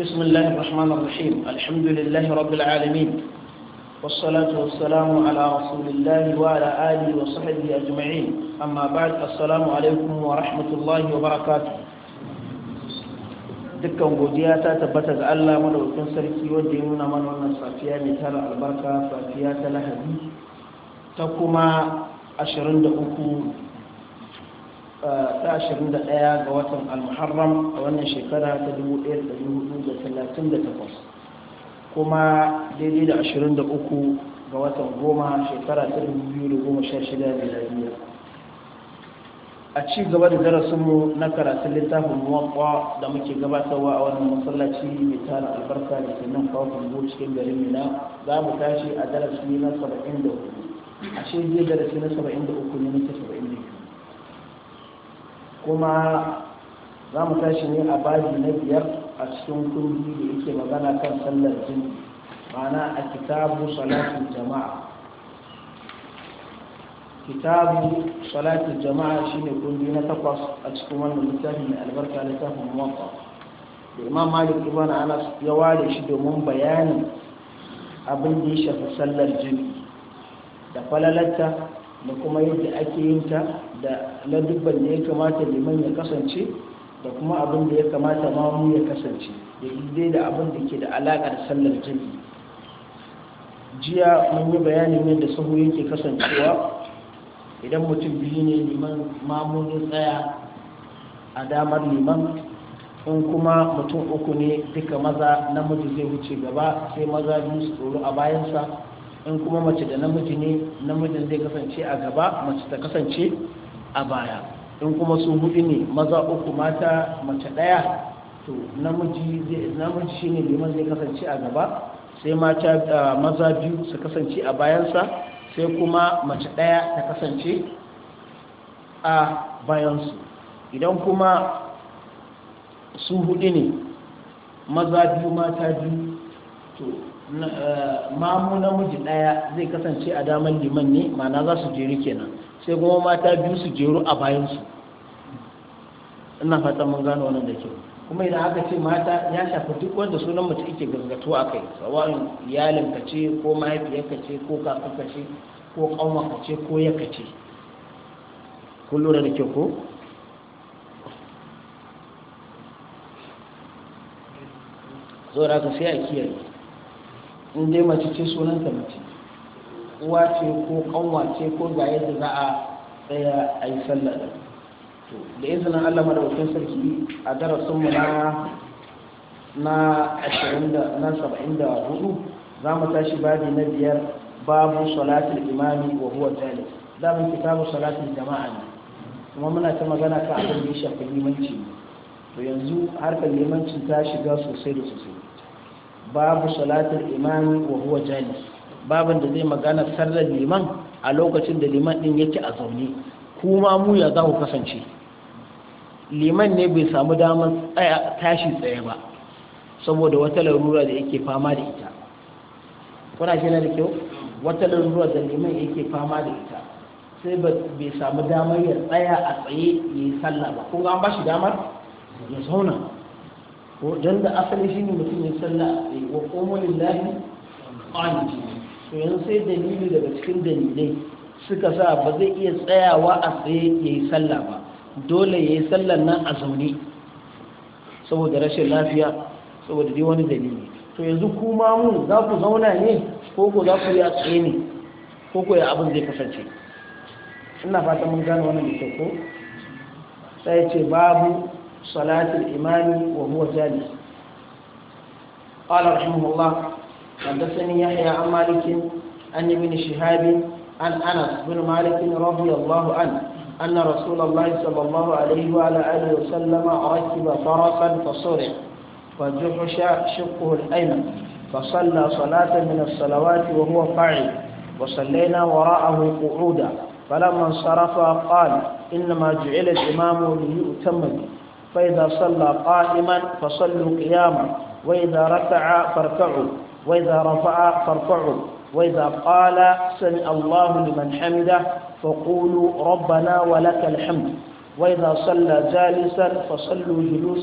بسم الله الرحمن الرحيم الحمد لله رب العالمين والصلاة والسلام على رسول الله وعلى آله وصحبه أجمعين أما بعد السلام عليكم ورحمة الله وبركاته dukkan godiya ta tabbata ga Allah madaukakin sarki wanda ya nuna mana wannan safiya mai tara albarka safiya ta lahadi ta kuma 23 ta ashirin da ɗaya ga watan al al-muharram a wannan shekara ta dubu ɗaya da dubu da talatin da takwas kuma daidai da ashirin da uku ga watan goma shekara ta dubu biyu da goma sha a ci gaba da darasinmu na karatun littafin muwakwa da muke gabatarwa a wannan masallaci mai tara albarka da ke nan kawo kumbu cikin garin mina za mu tashi a darasi na saba'in da uku a shi zai darasi na saba'in da uku ne na saba'in kuma za mu tashi ne a baji na biyar a cikin kundi da yake magana kan sallar jini ma'ana a kitabu salatin jama'a kitabu salatin jama'a shine kundi na takwas a cikin wannan littafin mai albarka littafin muwatta da imam malik ibn anas ya ware shi domin bayanin abin da ya shafi sallar jini da falalatta. da kuma yadda ake yin ta da ladubban da ya kamata liman ya kasance da kuma abin da ya kamata mamu ya kasance da dai da abin da ke da alaƙa da sallar jirgi jiya mun yi bayanin yadda sahu yake kasancewa idan mutum biyu ne liman mamu ya tsaya a damar liman in kuma mutum uku ne duka maza namiji zai wuce gaba sai maza biyu su tsoro a bayansa in kuma mace da namiji ne namijin zai kasance a gaba mace ta kasance a baya in kuma su hudu ne maza uku mata mace daya to namiji namiji shine liman zai kasance a gaba sai mata maza biyu su kasance a bayansa sai kuma mace daya ta kasance a bayansu idan kuma su hudu ne maza biyu mata biyu to Eh, mamu namiji ɗaya zai kasance a damar liman ne mana za su jeru kenan sai kuma mata biyu su jeru a bayansu ina fata mun gano wannan da kyau kuma idan aka ce mata ya shafi duk wanda sunan mace ake gargato a kai tsawon iyalinka ce ko ka ce ko kakanka ce ko ka ce ko ka ce kun lura da kyau ko saboda haka sai a kiyaye in dai mace ce sunanta mace uwa ce ko kanwa ce ko ga yadda za a tsaya a yi sallah da to da izinin Allah madaukakin sarki a darasin mu na na 20 da na 74 za mu tashi babi na biyar babu salatul imami wa huwa talib da mun kitabu salatul jama'a ne kuma muna ta magana kan abin da ya shafi limanci to yanzu harkar limanci ta shiga sosai da sosai babu salatul imami wa huwa jalis babin da zai magana sallar liman a lokacin da liman din yake a zaune kuma mu ya za ku kasance liman ne bai samu damar tashi tsaye ba saboda wata larura da yake fama da ita kuna shi da kyau wata larura da liman yake fama da ita sai bai samu damar ya tsaya a tsaye ya yi sallah ba ko an ba shi damar ya zauna ko don da asali shi ne mutum ya salla eh, wa ƙomo lillahi ƙwanci to yanzu sai dalili daga cikin dalilai suka sa ba zai iya tsayawa a tsaye ya yi salla ba dole ya yi sallan nan a zaune saboda rashin lafiya saboda dai wani dalili to yanzu kuma mu za ku zauna ne ko ko za ku yi a tsaye ne ko ko ya abin zai kasance ina fata mun gane wannan da ko sai ce babu صلاة الإمام وهو جالس قال رحمه الله حدثني يحيى عن مالك عن ابن شهاب عن أنس بن مالك رضي الله عنه أن رسول الله صلى الله عليه وعلى آله وسلم ركب فرسا فصرع فجحش شقه الأيمن فصلى صلاة من الصلوات وهو قاعد وصلينا وراءه قعودا فلما انصرف قال إنما جعل الإمام ليؤتم به فإذا صلى قائما فصلوا قياما وإذا ركع فاركعوا وإذا رفع فارفعوا وإذا قال سمع الله لمن حمده فقولوا ربنا ولك الحمد وإذا صلى جالسا فصلوا جلوسا